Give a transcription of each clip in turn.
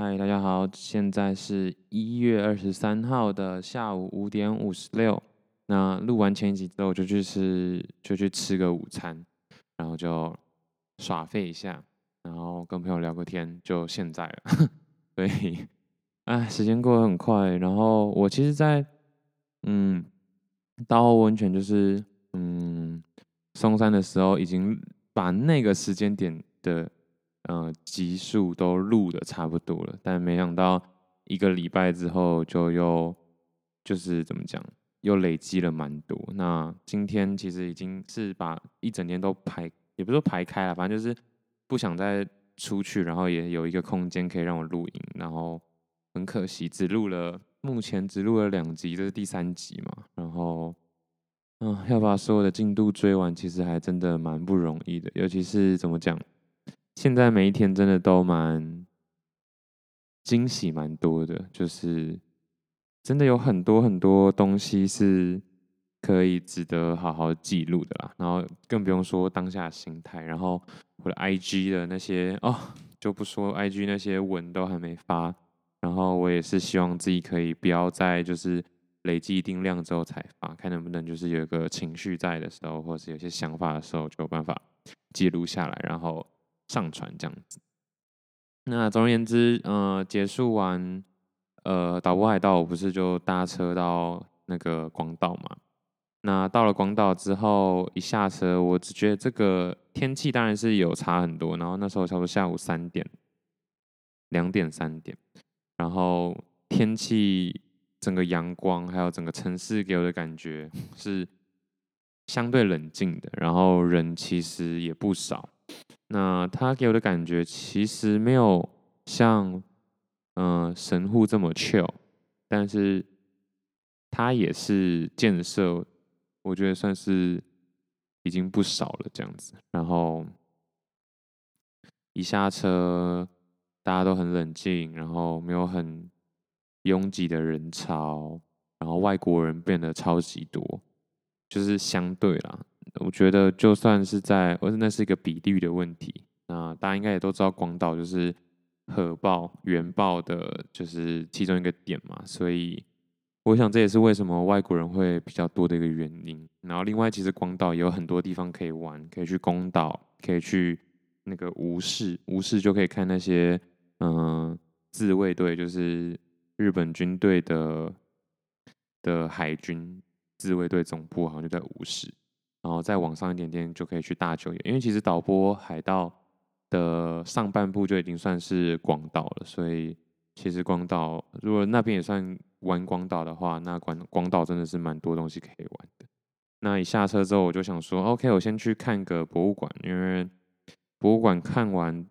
嗨，Hi, 大家好，現在是一月二十三號的下午五點五十六。那錄完前幾集之後，就去吃，就去吃個午餐，然後就耍廢一下，然後跟朋友聊個天，就現在了。所 以，哎，時間過得很快。然後我其實在，在嗯道後溫泉，就是嗯松山的時候，已經把那個時間點的。嗯，集數、呃、都錄的差不多了，但沒想到一個禮拜之後就又就是怎麼講，又累積了蠻多。那今天其實已經是把一整天都排，也不是說排開了，反正就是不想再出去，然後也有一個空間可以讓我錄音，然後很可惜，只錄了目前只錄了兩集，這、就是第三集嘛。然後嗯、呃，要把所有的進度追完，其實還真的蠻不容易的，尤其是怎麼講。現在每一天真的都蠻驚喜，蠻多的，就是真的有很多很多東西是可以值得好好記錄的啦。然後更不用說當下心態，然後我的 IG 的那些哦，就不說 IG 那些文都還沒發。然後我也是希望自己可以不要再就是累積一定量之後才發，看能不能就是有一個情緒在的時候，或是有些想法的時候就有辦法記錄下來，然後。上傳這樣子。那總而言之，嗯、呃，結束完，呃，島波海道，我不是就搭車到那個廣島嘛？那到了廣島之後，一下車，我只覺得這個天氣當然是有差很多。然後那時候差不多下午三點，兩點三點，然後天氣整個陽光還有整個城市給我的感覺是相對冷靜的，然後人其實也不少。那他給我的感覺其實沒有像，嗯、呃、神戶這麼 chill，但是他也是建設，我覺得算是已經不少了這樣子。然後一下車，大家都很冷靜，然後沒有很擁擠的人潮，然後外國人變得超級多，就是相對啦。我覺得，就算是在，而且那是一個比例的問題。那大家應該也都知道，廣島就是核爆原爆的，就是其中一個點嘛。所以，我想這也是為什麼外國人會比較多的一個原因。然後，另外其實廣島也有很多地方可以玩，可以去宮島，可以去那個吳市。吳市就可以看那些，嗯、呃，自衛隊，就是日本軍隊的的海軍自衛隊總部，好像就在吳市。然後再往上一點點，就可以去大久野。因為其實島波海道的上半部就已經算是廣島了，所以其實廣島如果那邊也算玩廣島的話，那廣廣島真的是蠻多東西可以玩的。那一下車之後，我就想說，OK，我先去看個博物館，因為博物館看完，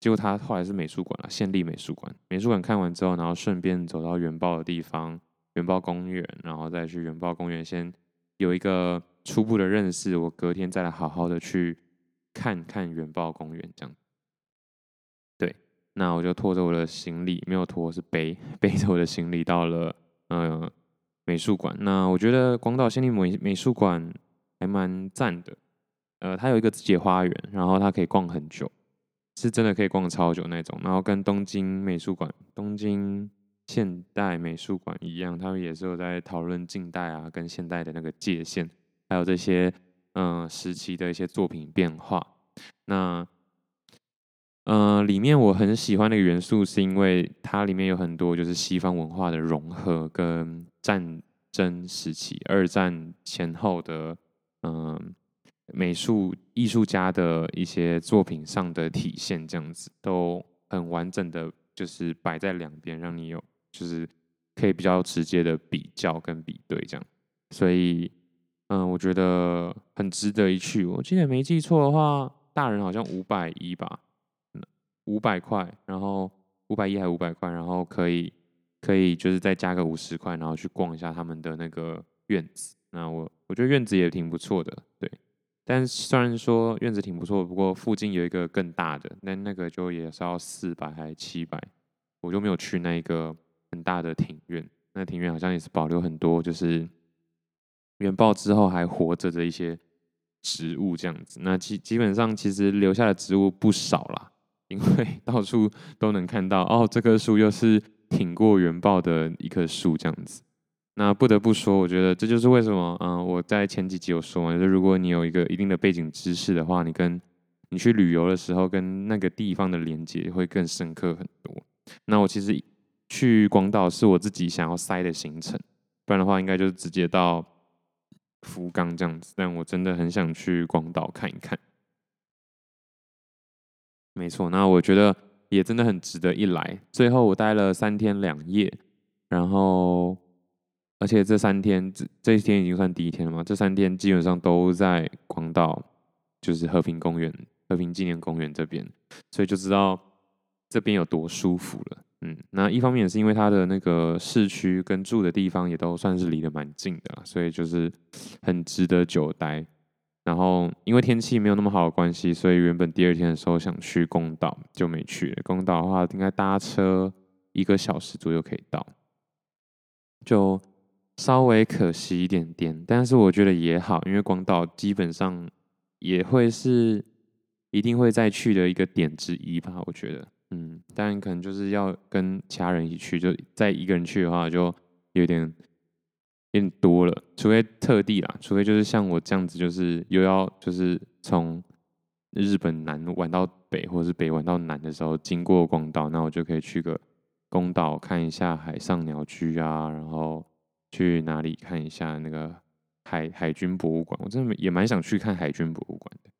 結果它後來是美術館了，縣立美術館。美術館看完之後，然後順便走到原爆的地方——原爆公園，然後再去原爆公園先。有一個初步的認識，我隔天再來好好的去看看原爆公園，這樣。對，那我就拖着我的行李，沒有拖是背，背着我的行李到了嗯、呃、美術館。那我覺得廣島縣立美美術館還蠻讚的，呃，它有一個自己的花園，然後它可以逛很久，是真的可以逛超久那種。然後跟東京美術館、東京。現代美術館一樣，他們也是有在討論近代啊跟現代的那個界限，還有這些嗯、呃、時期的一些作品變化。那嗯、呃、裡面我很喜歡的元素，是因為它裡面有很多就是西方文化的融合跟戰爭時期二戰前後的嗯、呃、美術藝術家的一些作品上的體現，這樣子都很完整的，就是擺在兩邊，讓你有。就是可以比較直接的比較跟比對這樣，所以嗯、呃，我覺得很值得一去。我記得沒記錯的話，大人好像五百一吧，五百塊，然後五百一還是五百塊，然後可以可以就是再加個五十塊，然後去逛一下他們的那個院子。那我我覺得院子也挺不錯的，對。但雖然說院子挺不錯，不過附近有一個更大的，那那個就也是要四百還七百，我就沒有去那個。很大的庭院，那庭院好像也是保留很多，就是原爆之後還活着的一些植物這樣子。那基基本上其實留下的植物不少啦，因為到處都能看到哦，這棵樹又是挺過原爆的一棵樹這樣子。那不得不說，我覺得這就是為什麼，嗯，我在前幾集有說嘛，就是如果你有一個一定的背景知識的話，你跟你去旅遊的時候，跟那個地方的連接會更深刻很多。那我其實。去廣島是我自己想要塞的行程，不然的話應該就直接到福岡這樣子。但我真的很想去廣島看一看。沒錯，那我覺得也真的很值得一來。最後我待了三天兩夜，然後而且這三天，這這一天已經算第一天了嘛？這三天基本上都在廣島，就是和平公園、和平紀念公園這邊，所以就知道這邊有多舒服了。嗯，那一方面也是因為它的那個市區跟住的地方也都算是離得蠻近的，所以就是很值得久待。然後因為天氣沒有那麼好的關係，所以原本第二天的時候想去宮島就沒去。宮島的話，應該搭車一個小時左右可以到，就稍微可惜一點點，但是我覺得也好，因為廣島基本上也會是一定會再去的一個點之一吧，我覺得。嗯，但可能就是要跟其他人一起去，就再一個人去的話，就有點有點多了，除非特地啦，除非就是像我這樣子，就是又要就是從日本南玩到北，或者是北玩到南的時候，經過廣島，那我就可以去個宮島看一下海上鳥居啊，然後去哪裡看一下那個海海軍博物館，我真的也蠻想去看海軍博物館的，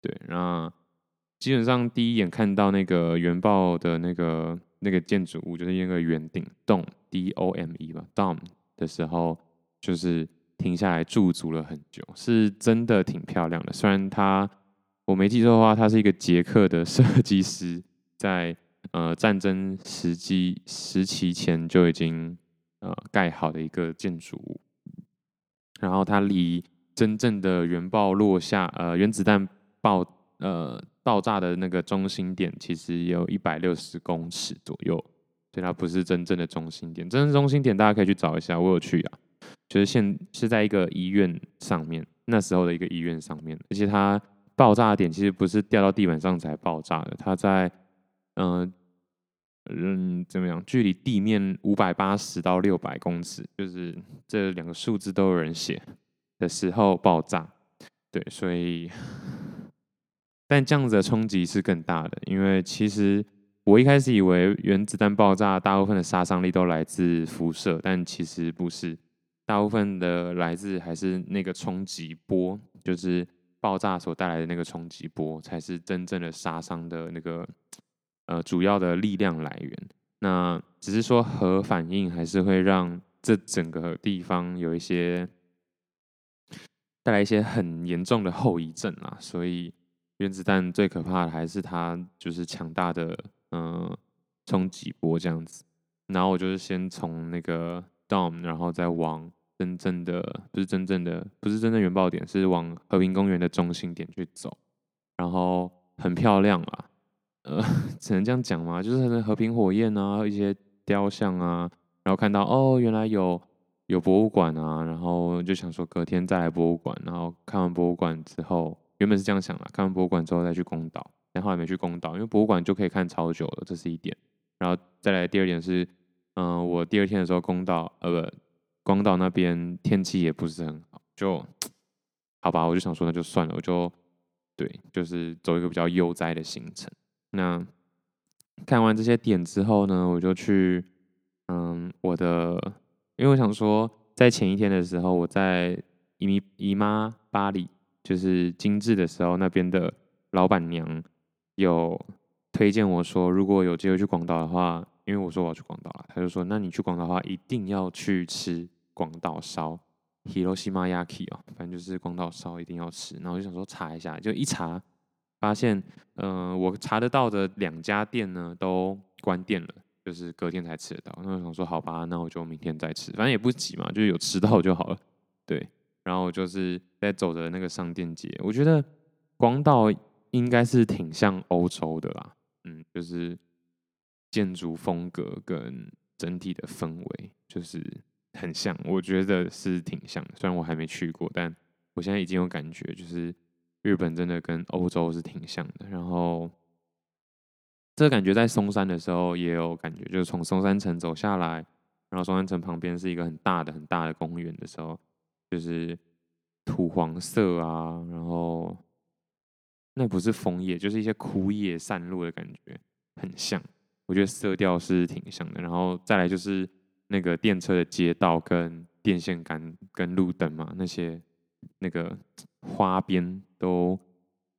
對，然後。基本上第一眼看到那個原爆的那個那個建築物，就是那個圓頂洞 （D O M E） 吧，Dom 的時候，就是停下來駐足了很久，是真的挺漂亮的。雖然它我沒記錯的話，它是一個捷克的設計師在呃戰爭時機時期前就已經呃蓋好的一個建築物，然後它離真正的原爆落下呃原子彈爆呃。爆炸的那個中心點其實有一百六十公尺左右，所以它不是真正的中心點。真正的中心點大家可以去找一下，我有去啊，就是現是在一個醫院上面，那時候的一個醫院上面，而且它爆炸的點其實不是掉到地板上才爆炸的，它在、呃、嗯嗯怎麼樣，距離地面五百八十到六百公尺，就是這兩個數字都有人寫的時候爆炸。對，所以。但這樣子的衝擊是更大的，因為其實我一開始以為原子彈爆炸大部分的殺傷力都來自輻射，但其實不是，大部分的來自還是那個衝擊波，就是爆炸所帶來的那個衝擊波，才是真正的殺傷的那個呃主要的力量來源。那只是說核反應還是會讓這整個地方有一些帶來一些很嚴重的後遺症啦，所以。原子彈最可怕的還是它，就是強大的嗯衝擊波這樣子。然後我就是先從那個 Dome 然後再往真正的，不是真正的，不是真正的原爆點，是往和平公園的中心點去走。然後很漂亮啊，呃，只能這樣講嘛，就是和平火焰啊，一些雕像啊，然後看到哦，原來有有博物館啊，然後就想說隔天再來博物館。然後看完博物館之後。原本是這樣想的，看完博物館之後再去宮島，但後來沒去宮島，因為博物館就可以看超久了，這是一點。然後再來第二點是，嗯，我第二天的時候宮，宮島呃不，宮島那邊天氣也不是很好，就好吧，我就想說那就算了，我就對，就是走一個比較悠哉的行程。那看完這些點之後呢，我就去嗯，我的，因為我想說，在前一天的時候，我在姨姨媽巴黎。就是精緻的時候，那邊的老闆娘有推薦我說，如果有機會去廣島的話，因為我說我要去廣島了，她就說，那你去廣島的話，一定要去吃廣島燒 Hiroshima Yaki 喔，反正就是廣島燒一定要吃。然後我就想說查一下，就一查發現，嗯、呃，我查得到的兩家店呢都關店了，就是隔天才吃得到。那我想說，好吧，那我就明天再吃，反正也不急嘛，就是有吃到就好了，對。然後就是在走的那個商店街，我覺得廣島應該是挺像歐洲的啦，嗯，就是建築風格跟整體的氛圍就是很像，我覺得是挺像。雖然我還沒去過，但我現在已經有感覺，就是日本真的跟歐洲是挺像的。然後這個感覺在松山的時候也有感覺，就是從松山城走下來，然後松山城旁邊是一個很大的很大的公園的時候。就是土黃色啊，然後那不是楓葉，就是一些枯葉散落的感覺，很像。我覺得色調是挺像的。然後再來就是那個電車的街道、跟電線桿、跟路燈嘛，那些那個花邊都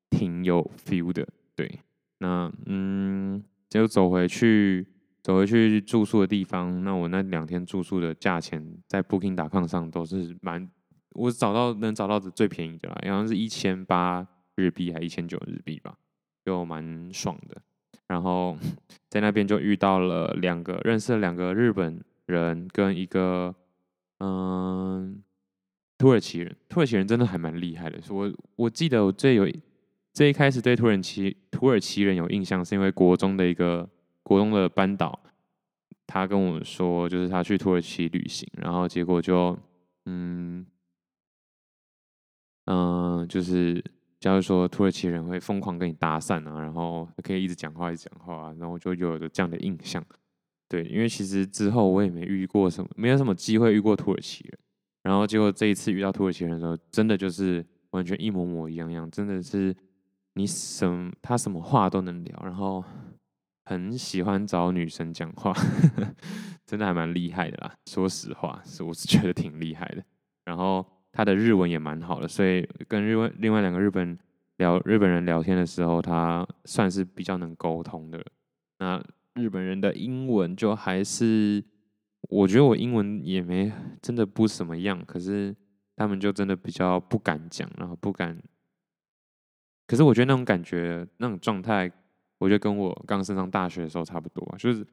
挺有 feel 的。對，那嗯，結果走回去，走回去住宿的地方。那我那兩天住宿的價錢在 Booking.com 上都是蠻。我找到能找到的最便宜的啦，好像是一千八日幣還一千九日幣吧，就蠻爽的。然後在那邊就遇到了兩個，認識了兩個日本人跟一個嗯，土耳其人，土耳其人真的還蠻厲害的。我我記得我最有最一開始對土耳其土耳其人有印象，是因為國中的一個國中的班導，他跟我說就是他去土耳其旅行，然後結果就嗯。嗯，就是，假如說土耳其人會瘋狂跟你搭訕啊，然後可以一直講話，一直講話啊，然後就有了這樣的印象。對，因為其實之後我也沒遇過什麼，沒有什麼機會遇過土耳其人，然後結果這一次遇到土耳其人的時候，真的就是完全一模模一樣樣，真的是你什麼他什麼話都能聊，然後很喜歡找女生講話，呵呵真的還蠻厲害的啦。說實話，是我是覺得挺厲害的，然後。他的日文也蠻好的，所以跟另外另外兩個日本人聊日本人聊天的時候，他算是比較能溝通的。那日本人的英文就還是，我覺得我英文也沒真的不怎麼樣，可是他們就真的比較不敢講，然後不敢。可是我覺得那種感覺，那種狀態，我覺得跟我剛升上大學的時候差不多，就是。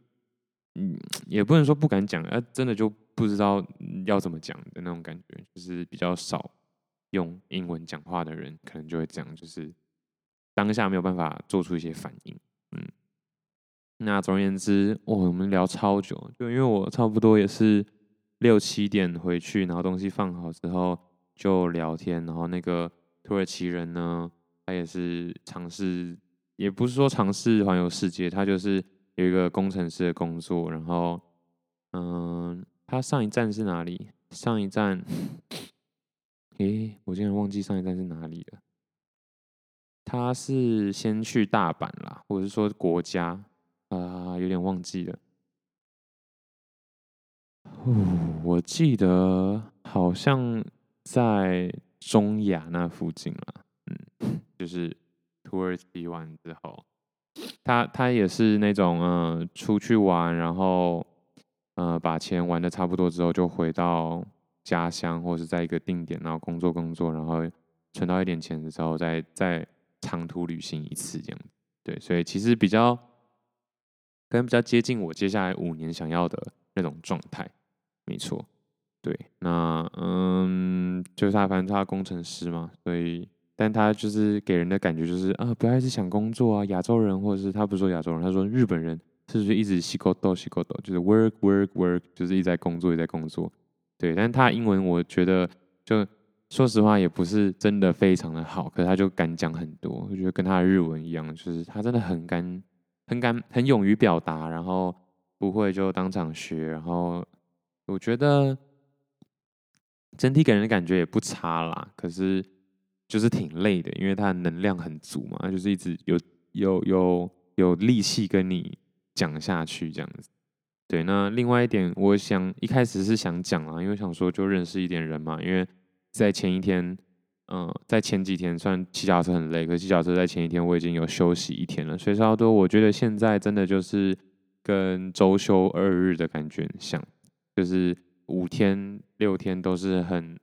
嗯，也不能說不敢講，啊，真的就不知道要怎麼講的那種感覺，就是比較少用英文講話的人，可能就會這樣，就是當下沒有辦法做出一些反應。嗯，那總而言之，我們聊超久，就因為我差不多也是六七點回去，然後東西放好之後就聊天，然後那個土耳其人呢，他也是嘗試，也不是說嘗試環遊世界，他就是。有一個工程師的工作，然後，嗯、呃，他上一站是哪裡？上一站，誒、欸，我竟然忘記上一站是哪裡了。他是先去大阪啦，或者是說國家啊、呃，有點忘記了。哦，我記得好像在中亞那附近啦，嗯，就是土耳其玩之後。他他也是那種，嗯、呃，出去玩，然後，嗯、呃，把錢玩得差不多之後，就回到家鄉，或者是在一個定點，然後工作工作，然後存到一點錢的時候，再再長途旅行一次這樣。對，所以其實比較，可能比較接近我接下來五年想要的那種狀態，沒錯。對，那嗯，就他，反正他工程師嘛，所以。但他就是給人的感覺就是啊，不要一直想工作啊。亞洲人，或者是他不說亞洲人，他說日本人是不是，就是一直西狗斗西狗斗，就是 work work work，就是一直在工作，一直在工作。對，但他英文我覺得就說實話也不是真的非常的好，可是他就敢講很多，我覺得跟他的日文一樣，就是他真的很敢、很敢、很勇於表達，然後不會就當場學，然後我覺得整體給人的感覺也不差啦。可是。就是挺累的，因為他能量很足嘛，他就是一直有有有有力氣跟你講下去這樣子。對，那另外一點，我想一開始是想講啊，因為想說就認識一點人嘛。因為在前一天，嗯、呃，在前幾天，雖然騎腳車很累，可騎腳車在前一天我已經有休息一天了，所以差不多我覺得現在真的就是跟周休二日的感覺很像，就是五天六天都是很。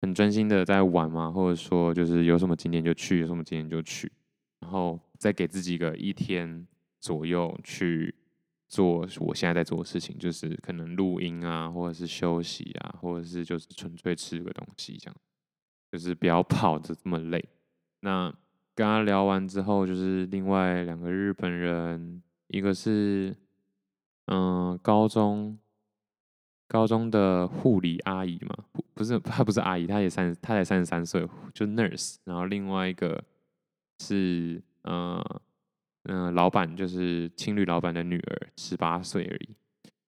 很專心的在玩嘛，或者說就是有什麼景點就去，有什麼景點就去，然後再給自己個一天左右去做我現在在做的事情，就是可能錄音啊，或者是休息啊，或者是就是純粹吃個東西這樣，就是不要跑得這麼累。那跟他聊完之後，就是另外兩個日本人，一個是嗯、呃、高中，高中的護理阿姨嘛，不是她，不是阿姨，她也三，她才三十三歲，就 nurse。然後另外一個是，嗯、呃、嗯、呃，老闆就是青旅老闆的女兒，十八歲而已。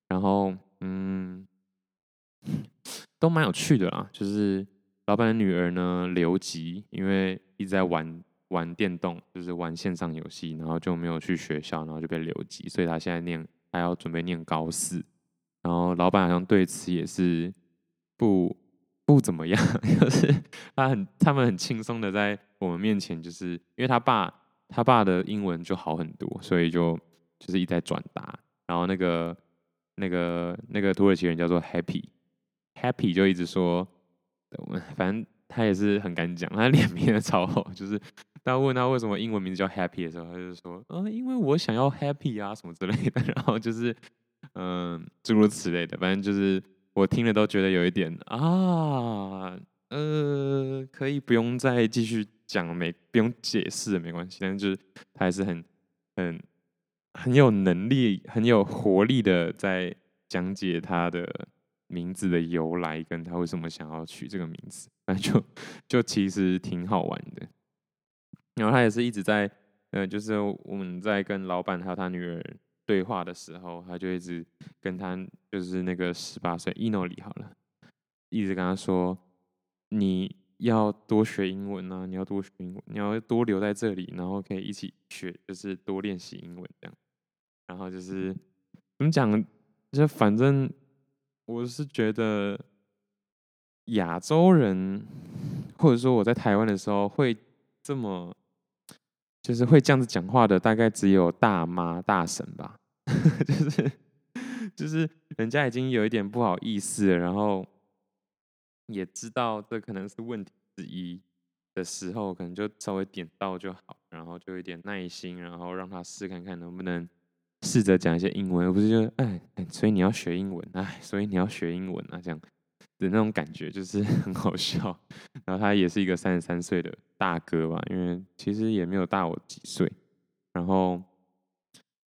然後嗯，都蠻有趣的啦。就是老闆的女兒呢，留級，因為一直在玩玩電動，就是玩線上遊戲，然後就沒有去學校，然後就被留級，所以她現在念，還要準備念高四。然後老闆好像對此也是不不怎麼樣，就是他很他們很輕鬆的在我們面前，就是因為他爸他爸的英文就好很多，所以就就是一直在轉達。然後那個那個那個土耳其人叫做 Happy，Happy happy 就一直說，反正他也是很敢講，他臉皮也超厚。就是當問他為什麼英文名字叫 Happy 的時候，他就說，嗯、呃，因為我想要 Happy 啊什麼之類的。然後就是。嗯，諸如此類的，反正就是我聽了都覺得有一點啊，呃，可以不用再繼續講，沒不用解釋沒關係。但是就是他還是很很很有能力、很有活力的在講解他的名字的由來，跟他為什麼想要取這個名字，那就就其實挺好玩的。然後他也是一直在，嗯、呃，就是我們在跟老闆還有他女兒。對話的時候，他就一直跟他就是那個十八歲伊諾里好了，一直跟他說：“你要多學英文啊，你要多學英文，你要多留在這裡，然後可以一起學，就是多練習英文這樣。”然後就是怎麼講？就反正我是覺得亞洲人，或者說我在台灣的時候會這麼。就是會這樣子講話的，大概只有大媽大嬸吧、 就是。就是就是，人家已經有一點不好意思了，然後也知道這可能是問題之一的時候，可能就稍微點到就好，然後就有一點耐心，然後讓他試看看能不能試着講一些英文，而不是就哎，所以你要學英文，哎，所以你要學英文啊，這樣。的那種感覺就是很好笑，然後他也是一個三十三歲的大哥吧，因為其實也沒有大我幾歲，然後，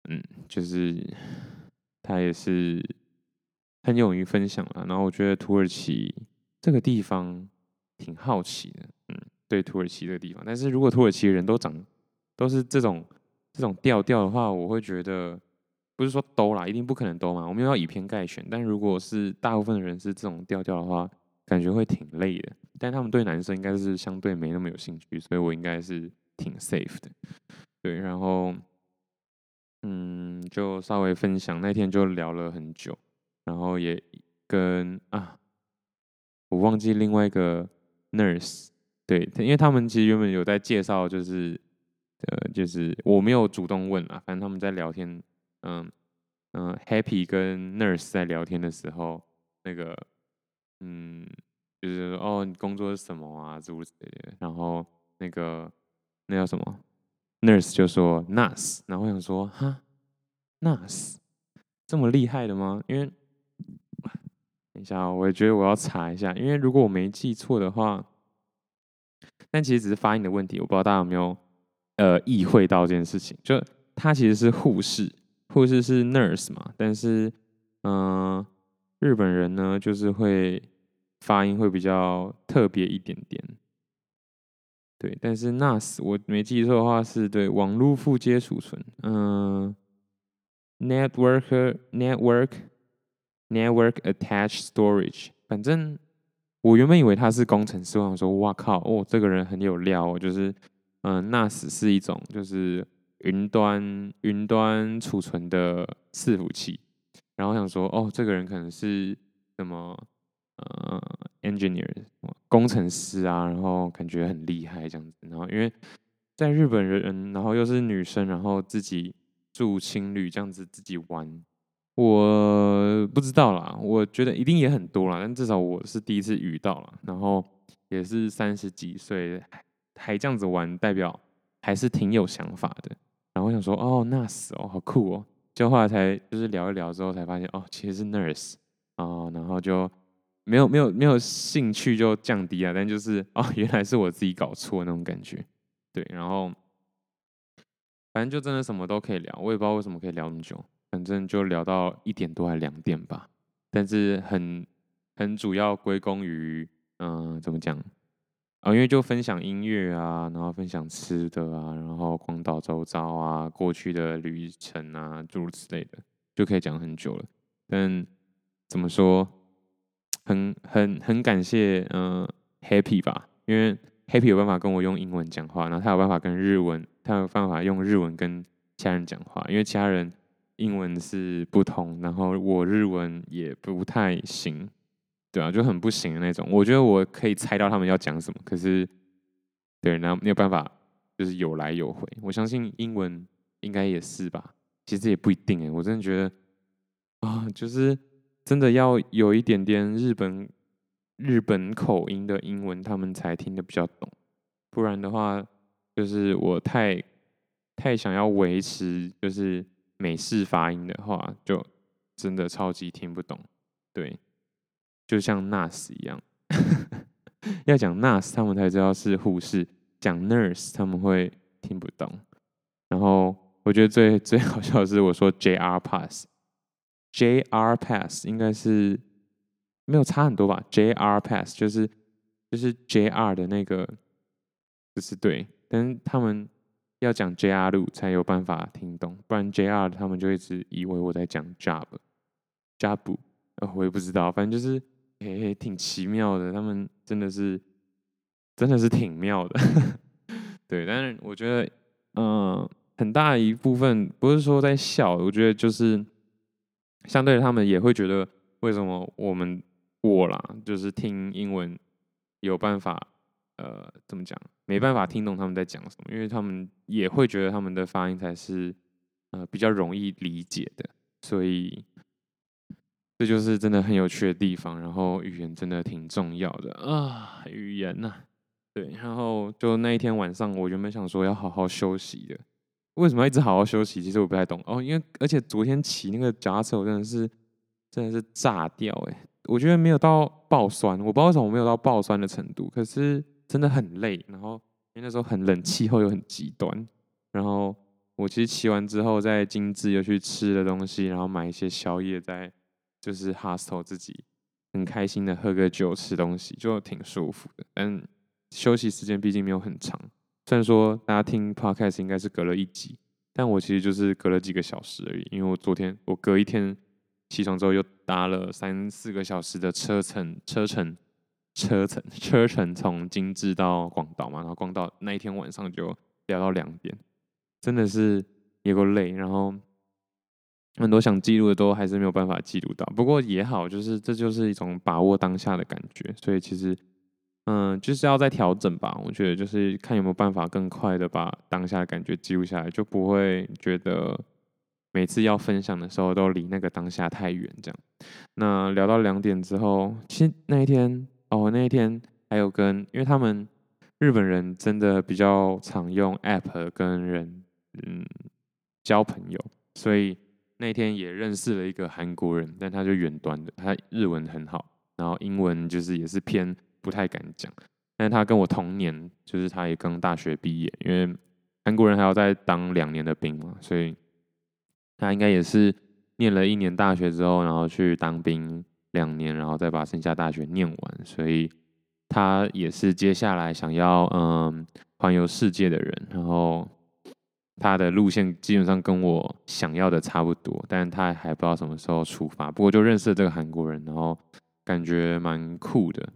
嗯，就是他也是很勇於分享了，然後我覺得土耳其這個地方挺好奇的，嗯，對土耳其的地方，但是如果土耳其人都長都是這種這種調調的話，我會覺得。不是說都啦，一定不可能都嘛。我沒有要以偏概全，但如果是大部分的人是這種調調的話，感覺會挺累的。但他們對男生應該是相對沒那麼有興趣，所以我應該是挺 safe 的。對，然後，嗯，就稍微分享，那天就聊了很久，然後也跟啊，我忘記另外一個 nurse，對，因為他們其實原本有在介紹，就是呃，就是我沒有主動問啊，反正他們在聊天。嗯嗯，Happy 跟 Nurse 在聊天的時候，那個嗯，就是哦，你工作是什麼啊？之類的，然後那個那叫什麼？Nurse 就說 NARS 然後我想說哈 NARS 這麼厲害的嗎？因為等一下、哦，我也覺得我要查一下，因為如果我沒記錯的話，但其實只是發音的問題，我不知道大家有沒有呃意會到這件事情，就他其實是護士。護士是 nurse 嘛，但是，嗯、呃，日本人呢，就是會發音會比較特別一點點。對，但是 NAS 我沒記錯的話是，對，網絡附接儲存，嗯，呃，Networker, Network, Network Attached Storage。反正我原本以為他是工程師，我想說，哇靠，哦，這個人很有料哦，就是，嗯，呃，NAS 是一種就是。雲端雲端儲存的伺服器，然後想說哦，這個人可能是什麼呃 engineer 麼工程師啊，然後感覺很厲害這樣子，然後因為在日本人，然後又是女生，然後自己住青旅這樣子自己玩，我不知道啦，我覺得一定也很多啦，但至少我是第一次遇到了，然後也是三十幾歲還還這樣子玩，代表還是挺有想法的。然後我想說哦 Nars 哦，好酷哦，就後來才就是聊一聊之後才發現哦，其實是 nurse 啊、哦，然後就沒有沒有沒有興趣就降低了、啊，但就是哦，原來是我自己搞錯那種感覺，對，然後反正就真的什麼都可以聊，我也不知道為什麼可以聊那麼久，反正就聊到一點多還兩點吧，但是很很主要歸功於嗯、呃，怎麼講？啊、哦，因為就分享音樂啊，然後分享吃的啊，然後廣島周遭啊，過去的旅程啊，諸如此類的，就可以講很久了。但怎麼說，很很很感謝，嗯、呃、，Happy 吧，因為 Happy 有辦法跟我用英文講話，然後他有辦法跟日文，他有辦法用日文跟其他人講話，因為其他人英文是不通，然後我日文也不太行。對啊，就很不行的那種。我覺得我可以猜到他們要講什麼，可是，對，那沒有辦法，就是有來有回。我相信英文應該也是吧，其實也不一定誒、欸，我真的覺得啊，就是真的要有一點點日本日本口音的英文，他們才聽得比較懂。不然的話，就是我太太想要維持就是美式發音的話，就真的超級聽不懂。對。就像 NAS 一樣， 要講 NAS 他們才知道是護士，講 nurse 他們會聽不懂。然後我覺得最最好笑的是我說 pass JR pass，JR pass 應該是沒有差很多吧？JR pass 就是就是 JR 的那個，就是對，但是他們要講 JR 路，才有辦法聽懂，不然 JR 他們就一直以為我在講 job，job，哦，我也不知道，反正就是。嘿、欸，挺奇妙的，他們真的是，真的是挺妙的， 對。但是我覺得，嗯、呃，很大一部分不是說在笑，我覺得就是，相對他們也會覺得，為什麼我們我啦，就是聽英文有辦法，呃，怎麼講，沒辦法聽懂他們在講什麼，因為他們也會覺得他們的發音才是，呃，比較容易理解的，所以。這就是真的很有趣的地方，然後語言真的挺重要的啊，語言吶、啊，對。然後就那一天晚上，我原本想說要好好休息的，為什麼一直好好休息？其實我不太懂哦，因為而且昨天騎那個腳踏車，我真的是真的是炸掉哎，我覺得沒有到爆酸，我不知道為什麼沒有到爆酸的程度，可是真的很累。然後因為那時候很冷，氣候又很極端，然後我其實騎完之後，在金智又去吃了東西，然後買一些宵夜在。就是 Hostel 自己很開心的喝個酒吃東西，就挺舒服的。但休息時間畢竟沒有很長。雖然說大家聽 Podcast 應該是隔了一集，但我其實就是隔了幾個小時而已。因為我昨天我隔一天起床之後，又搭了三四個小時的車程，車程，車程，車程，從精緻到廣島嘛，然後廣島那一天晚上就聊到兩點，真的是也夠累。然後。很多想記錄的都還是沒有辦法記錄到，不過也好，就是這就是一種把握當下的感覺，所以其實，嗯，就是要再調整吧。我覺得就是看有沒有辦法更快的把當下的感覺記錄下來，就不會覺得每次要分享的時候都離那個當下太遠。這樣，那聊到兩點之後，其實那一天，哦，那一天還有跟，因為他們日本人真的比較常用 App 跟人嗯交朋友，所以。那天也認識了一個韓國人，但他就遠端的，他日文很好，然後英文就是也是偏不太敢講。但是他跟我同年，就是他也剛大學畢業，因為韓國人還要再當兩年的兵嘛，所以他應該也是念了一年大學之後，然後去當兵兩年，然後再把剩下大學念完。所以他也是接下來想要嗯環遊世界的人，然後。他的路線基本上跟我想要的差不多，但他還不知道什麼時候出發。不過就認識了這個韓國人，然後感覺蠻酷的。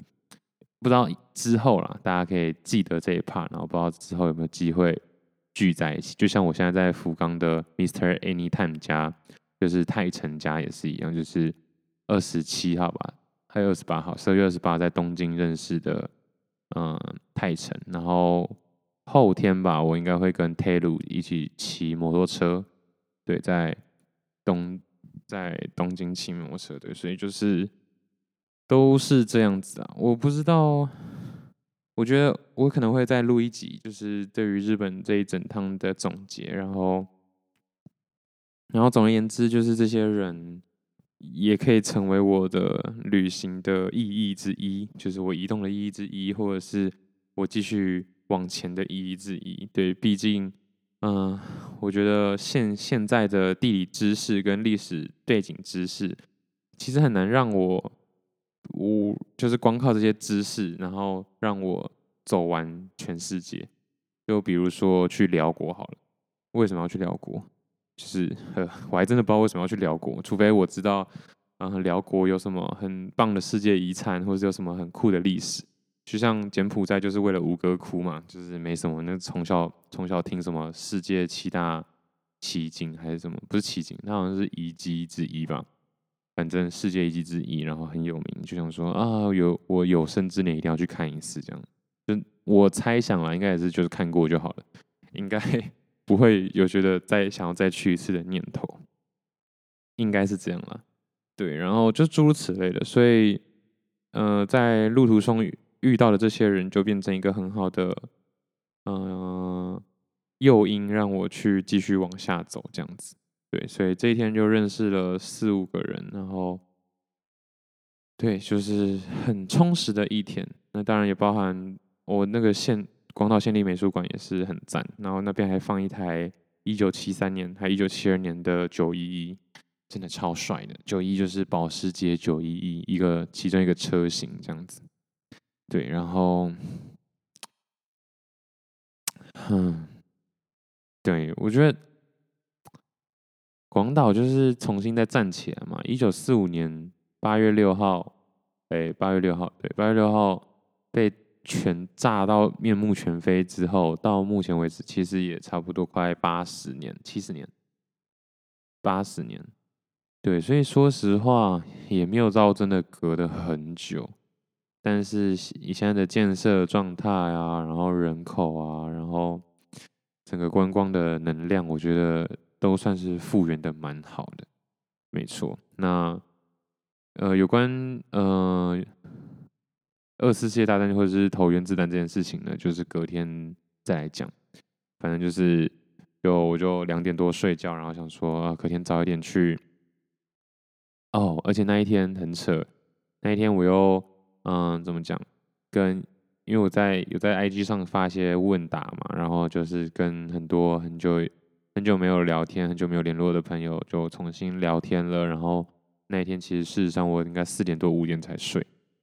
不知道之後啦，大家可以記得這一 part，然後不知道之後有沒有機會聚在一起。就像我現在在福岡的 Mr. Anytime 家，就是泰成家也是一樣，就是二十七號吧，還有二十八號，十二月二十八在東京認識的，嗯，泰成，然後。後天吧，我應該會跟 Taru 一起騎摩托車，對，在東在東京騎摩托車，對，所以就是都是這樣子啊。我不知道，我覺得我可能會再錄一集，就是對於日本這一整趟的總結。然後，然後總而言之，就是這些人也可以成為我的旅行的意義之一，就是我移動的意義之一，或者是我繼續。往前的意義之一，對，畢竟，嗯、呃，我覺得現現在的地理知識跟歷史背景知識，其實很難讓我，我就是光靠這些知識，然後讓我走完全世界。就比如說去遼國好了，為什麼要去遼國？就是，呵，我還真的不知道為什麼要去遼國，除非我知道，嗯、啊，遼國有什麼很棒的世界遺產，或者有什麼很酷的歷史。就像柬埔寨就是為了吳哥窟嘛，就是沒什麼。那從小從小聽什麼世界七大奇景還是什麼？不是奇景，它好像是遺跡之一吧。反正世界遺跡之一，然後很有名，就想說啊，有我有生之年一定要去看一次。這樣，就我猜想啦，應該也是就是看過就好了，應該不會有覺得再想要再去一次的念頭，應該是這樣啦。對，然後就諸如此類的，所以，呃，在路途風雨。遇到了這些人就變成一個很好的，嗯、呃，誘因，讓我去繼續往下走，這樣子。對，所以這一天就認識了四五個人，然後，對，就是很充實的一天。那當然也包含我那個縣，廣島縣立美術館也是很讚，然後那邊還放一台一九七三年還一九七二年的九一一，真的超帥的。九一一就是保時捷九一一一個其中一個車型，這樣子。對，然後，嗯，對我覺得，廣島就是重新再站起來嘛。一九四五年八月六號，哎、欸，八月六號，對，八月六號被全炸到面目全非之後，到目前為止其實也差不多快八十年、七十年、八十年，對，所以說實話也沒有到真的隔得很久。但是以前的建設狀態啊，然後人口啊，然後整個觀光的能量，我覺得都算是復原的蠻好的，沒錯。那呃，有關呃二次世界大戰或者是投原子彈這件事情呢，就是隔天再來講。反正就是有我就兩點多睡覺，然後想說啊，隔、呃、天早一點去。哦，而且那一天很扯，那一天我又。嗯，怎麼講？跟因為我在有在 IG 上發一些問答嘛，然後就是跟很多很久很久沒有聊天、很久沒有聯絡的朋友就重新聊天了。然後那一天其實事實上我應該四點多，五點才睡，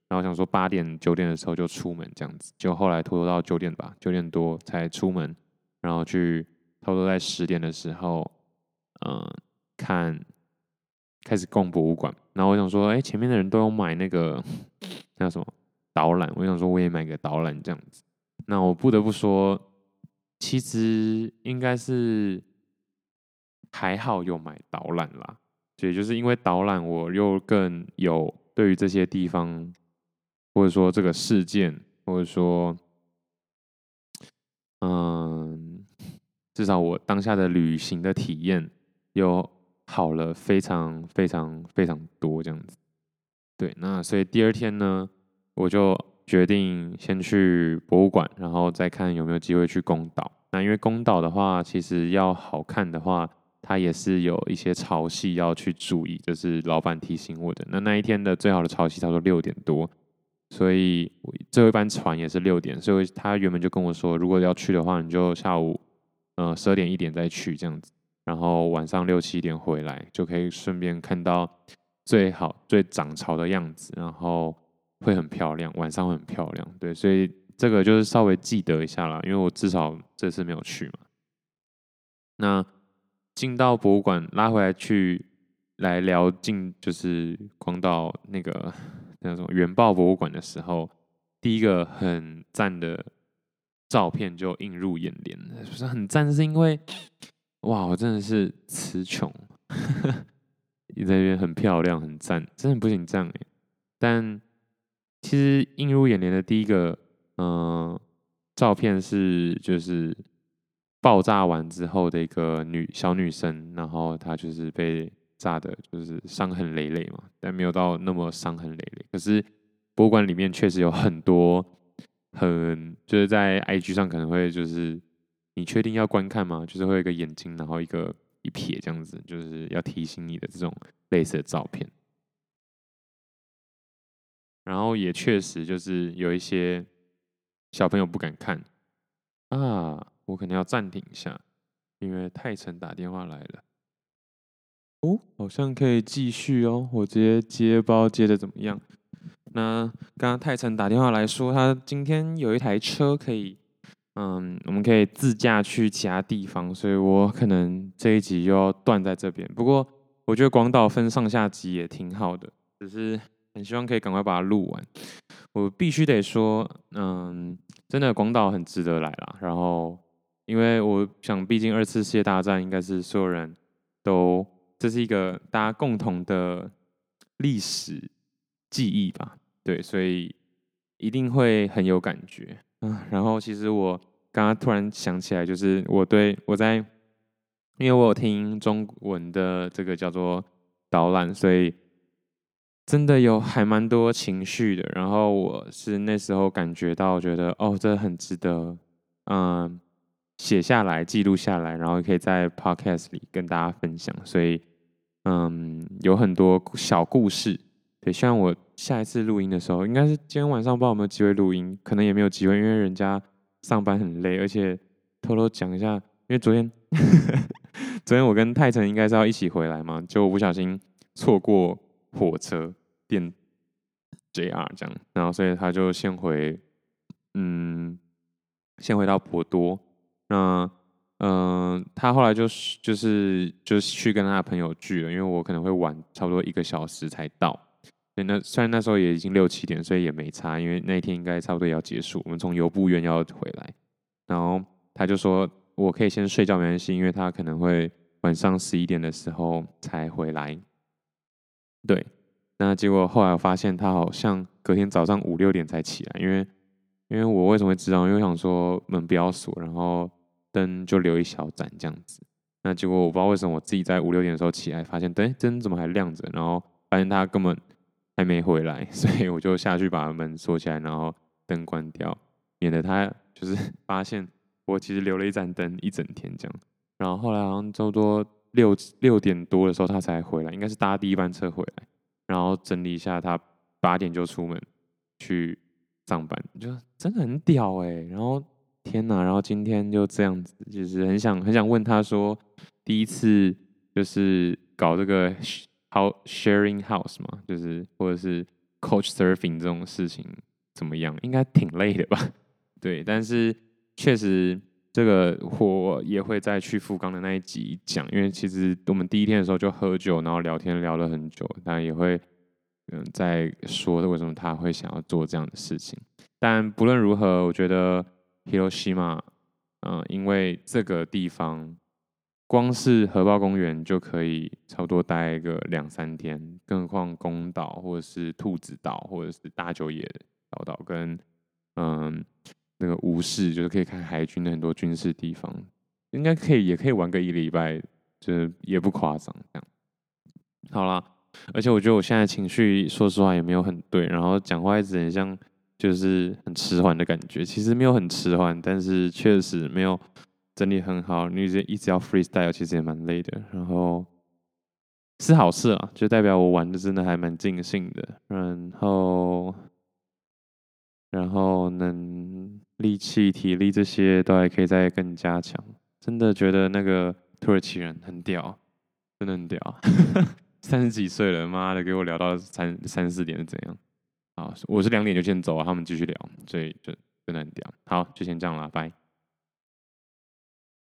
然後我想說八點、九點的時候就出門這樣子，就後來拖，拖到九點吧，九點多才出門，然後去差不多在十點的時候，嗯，看開始逛博物館。然後我想說，哎、欸，前面的人都有買那個。那什麼導覽？我想說，我也買個導覽這樣子。那我不得不說，其實應該是還好有買導覽啦。也就是因為導覽，我又更有對於這些地方，或者說這個事件，或者說，嗯，至少我當下的旅行的體驗又好了非常非常非常多這樣子。對，那所以第二天呢，我就決定先去博物館，然後再看有沒有機會去宮島。那因為宮島的話，其實要好看的話，它也是有一些潮汐要去注意，這、就是老板提醒我的。那那一天的最好的潮汐，他說六點多，所以這一班船也是六點，所以他原本就跟我說，如果要去的話，你就下午嗯，十二點一點再去這樣子，然後晚上六七點回來，就可以順便看到。最好最漲潮的樣子，然後會很漂亮，晚上會很漂亮。對，所以這個就是稍微記得一下啦，因為我至少這次沒有去嘛。那進到博物館拉回來去來聊進，就是逛到那個那種原爆博物館的時候，第一個很讚的照片就映入眼簾，不，就是很讚，是因為哇，我真的是詞窮。呵呵你那邊很漂亮，很贊，真的不行這樣耶，但其實映入眼簾的第一個，嗯、呃，照片是就是爆炸完之後的一個女小女生，然後她就是被炸的，就是傷痕累累嘛，但沒有到那麼傷痕累累。可是博物館裡面確實有很多很，很就是在 IG 上可能會就是，你確定要觀看嗎？就是會有一個眼睛，然後一個。一撇這樣子，就是要提醒你的這種類似的照片。然後也確實就是有一些小朋友不敢看啊，我可能要暫停一下，因為泰成打電話來了。哦，好像可以繼續哦，我直接接不知道接得怎麼樣？那剛剛泰成打電話來說，他今天有一台車可以。嗯，我們可以自駕去其他地方，所以我可能這一集就要斷在這邊。不過我覺得廣島分上下集也挺好的，只是很希望可以趕快把它錄完。我必須得說，嗯，真的廣島很值得來了。然後，因為我想，畢竟二次世界大戰應該是所有人都這是一個大家共同的歷史記憶吧？對，所以一定會很有感覺。嗯，然後其實我剛剛突然想起來，就是我對我在，因為我有聽中文的這個叫做導覽，所以真的有還蠻多情緒的。然後我是那時候感覺到，覺得哦，這很值得，嗯，寫下來記錄下來，然後也可以在 podcast 裡跟大家分享。所以，嗯，有很多小故事。對，希望我下一次錄音的時候，應該是今天晚上，不知道有沒有機會錄音，可能也沒有機會，因為人家上班很累，而且偷偷講一下，因為昨天，呵呵，昨天我跟泰成應該是要一起回來嘛，就不小心錯過火車，電 JR 這樣，然後所以他就先回，嗯，先回到博多，那嗯、呃，他後來就是就是就是就是、去跟他的朋友聚了，因為我可能會晚差不多一個小時才到。那雖然那時候也已經六七點，所以也沒差，因為那一天應該差不多要結束。我們從游步院要回來，然後他就說我可以先睡覺沒關係，因為他可能會晚上十一點的時候才回來。對，那結果後來我發現他好像隔天早上五六點才起來，因為因為我為什麼會知道？因為我想說門不要鎖，然後燈就留一小盞這樣子。那結果我不知道為什麼我自己在五六點的時候起來，發現欸，燈燈怎麼還亮着？然後發現他根本。還沒回來，所以我就下去把門鎖起來，然後燈關掉，免得他就是發現我其實留了一盞燈一整天這樣。然後後來好像差不多六六點多的時候他才回來，應該是搭第一班車回來，然後整理一下，他八點就出門去上班，就真的很屌哎、欸。然後天哪，然後今天就這樣子，就是很想很想問他說，第一次就是搞這個。How sharing house 嘛，就是或者是 coach surfing 這種事情怎麼樣？應該挺累的吧？對，但是確實這個我也會在去富岡的那一集講，因為其實我們第一天的時候就喝酒，然後聊天聊了很久，當然也會嗯在說為什麼他會想要做這樣的事情。但不論如何，我覺得 Hiroshima，嗯、呃，因為這個地方。光是荷包公園就可以差不多待個兩三天，更何況宮島或者是兔子島，或者是大久野島島跟嗯那個吳市，就是可以看海軍的很多軍事地方，應該可以也可以玩個一禮拜，就是也不誇張。這樣好啦，而且我覺得我現在情緒，說實話也沒有很對，然後講話一直很像就是很遲緩的感覺，其實沒有很遲緩，但是確實沒有。整理很好，你一直一直要 freestyle，其實也蠻累的。然後是好事啊，就代表我玩的真的還蠻盡興的。然後，然後能力氣體力這些都還可以再更加強。真的覺得那個土耳其人很屌，真的很屌。 三十幾歲了，媽的，給我聊到三三四點是怎樣？好，我是兩點就先走了，啊，他們繼續聊。所以就真的很屌。好，就先這樣了，拜。